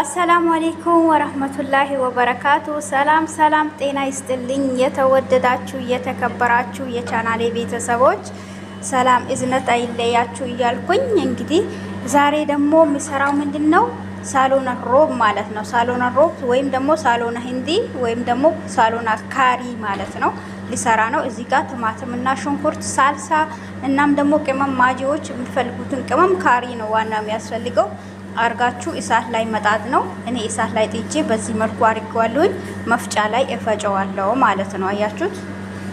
አሰላሙ አሌይኩም ወረህመቱላሂ ወበረካቱ። ሰላም ሰላም፣ ጤና ይስጥልኝ የተወደዳችሁ የተከበራችሁ የቻናሌ ቤተሰቦች ሰላም እዝነት አይለያችሁ እያልኩኝ እንግዲህ ዛሬ ደግሞ የምሰራው ምንድን ነው ሳሎና ሮብ ማለት ነው። ሳሎና ሮብ ወይም ደግሞ ሳሎና ሂንዲ ወይም ደግሞ ሳሎና ካሪ ማለት ነው ሊሰራ ነው። እዚህ ጋር ቲማቲም እና ሽንኩርት፣ ሳልሳ እናም ደግሞ ቅመም ማጂዎች፣ የሚፈልጉትን ቅመም ካሪ ነው ዋና የሚያስፈልገው አርጋችሁ እሳት ላይ መጣድ ነው። እኔ እሳት ላይ ጥጄ በዚህ መልኩ አድርጌዋለሁኝ። መፍጫ ላይ እፈጨዋለሁ ማለት ነው። አያችሁት?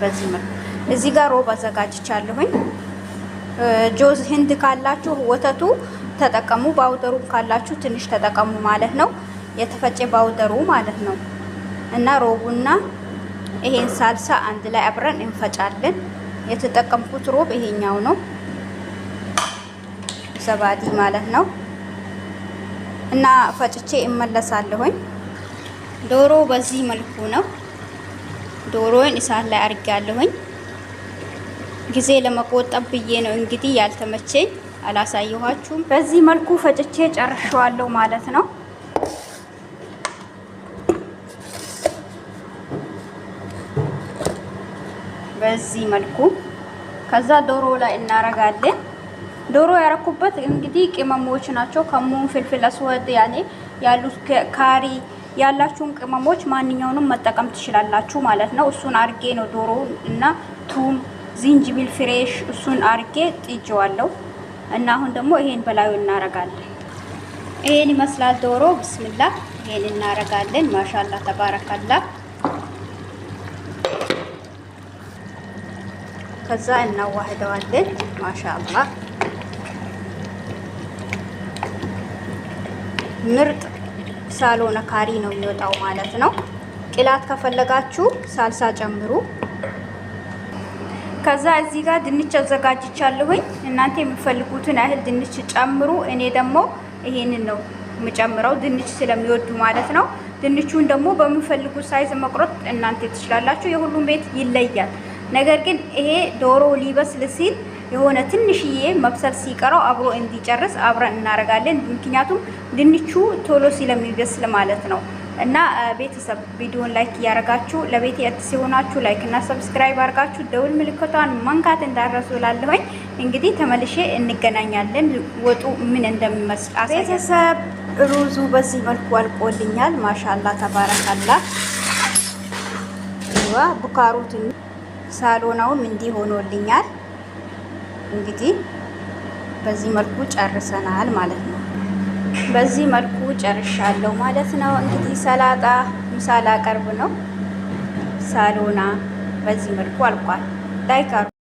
በዚህ መልኩ እዚህ ጋር ሮብ አዘጋጅቻለሁኝ። ጆዝ ህንድ ካላችሁ ወተቱ ተጠቀሙ፣ ባውደሩ ካላችሁ ትንሽ ተጠቀሙ ማለት ነው። የተፈጨ ባውደሩ ማለት ነው። እና ሮቡና ይሄን ሳልሳ አንድ ላይ አብረን እንፈጫለን። የተጠቀምኩት ሮብ ይሄኛው ነው፣ ዘባዲ ማለት ነው። እና ፈጭቼ እመለሳለሁኝ። ዶሮ በዚህ መልኩ ነው። ዶሮን እሳት ላይ አድርጋለሁኝ። ጊዜ ለመቆጠብ ብዬ ነው እንግዲህ ያልተመቸኝ አላሳየኋችሁም። በዚህ መልኩ ፈጭቼ ጨርሸዋለሁ ማለት ነው። በዚህ መልኩ ከዛ ዶሮ ላይ እናረጋለን። ዶሮ ያረኩበት እንግዲህ ቅመሞች ናቸው። ከሙን፣ ፍልፍል አስወድ ያኔ ያሉት ካሪ ያላችሁን ቅመሞች ማንኛውንም መጠቀም ትችላላችሁ ማለት ነው። እሱን አርጌ ነው ዶሮ እና ቱም፣ ዝንጅብል ፍሬሽ እሱን አርጌ ጥጄዋለሁ እና አሁን ደግሞ ይሄን በላዩ እናረጋለን። ይሄን ይመስላል ዶሮ። ብስምላ ይሄን እናረጋለን። ማሻላ ተባረካላ። ከዛ እናዋህደዋለን። ማሻአላ ምርጥ ሳሎነ ካሪ ነው የሚወጣው ማለት ነው። ቅላት ከፈለጋችሁ ሳልሳ ጨምሩ። ከዛ እዚህ ጋር ድንች አዘጋጅቻለሁኝ። እናንተ የምትፈልጉትን ያህል ድንች ጨምሩ። እኔ ደግሞ ይሄንን ነው የምጨምረው ድንች ስለሚወዱ ማለት ነው። ድንቹን ደግሞ በምፈልጉት ሳይዝ መቁረጥ እናንተ ትችላላችሁ። የሁሉም ቤት ይለያል። ነገር ግን ይሄ ዶሮ ሊበስል ሲል የሆነ ትንሽዬ መብሰል ሲቀረው አብሮ እንዲጨርስ አብረን እናደርጋለን። ምክንያቱም ድንቹ ቶሎ ስለሚበስል ማለት ነው። እና ቤተሰብ ቪዲዮን ላይክ እያደረጋችሁ ለቤት አዲስ ሲሆናችሁ ላይክ እና ሰብስክራይብ አድርጋችሁ ደውል ምልክቷን መንካት እንዳረሱ እላለሁኝ። እንግዲህ ተመልሼ እንገናኛለን። ወጡ ምን እንደሚመስል ቤተሰብ፣ ሩዙ በዚህ መልኩ አልቆልኛል። ማሻላ ተባረካላ። ቡካሩት ሳሎናውም እንዲህ ሆኖልኛል። እንግዲህ በዚህ መልኩ ጨርሰናል ማለት ነው። በዚህ መልኩ ጨርሻለሁ ማለት ነው። እንግዲህ ሰላጣ ምሳላ ቀርብ ነው። ሳሎና በዚህ መልኩ አልቋል። ላይክ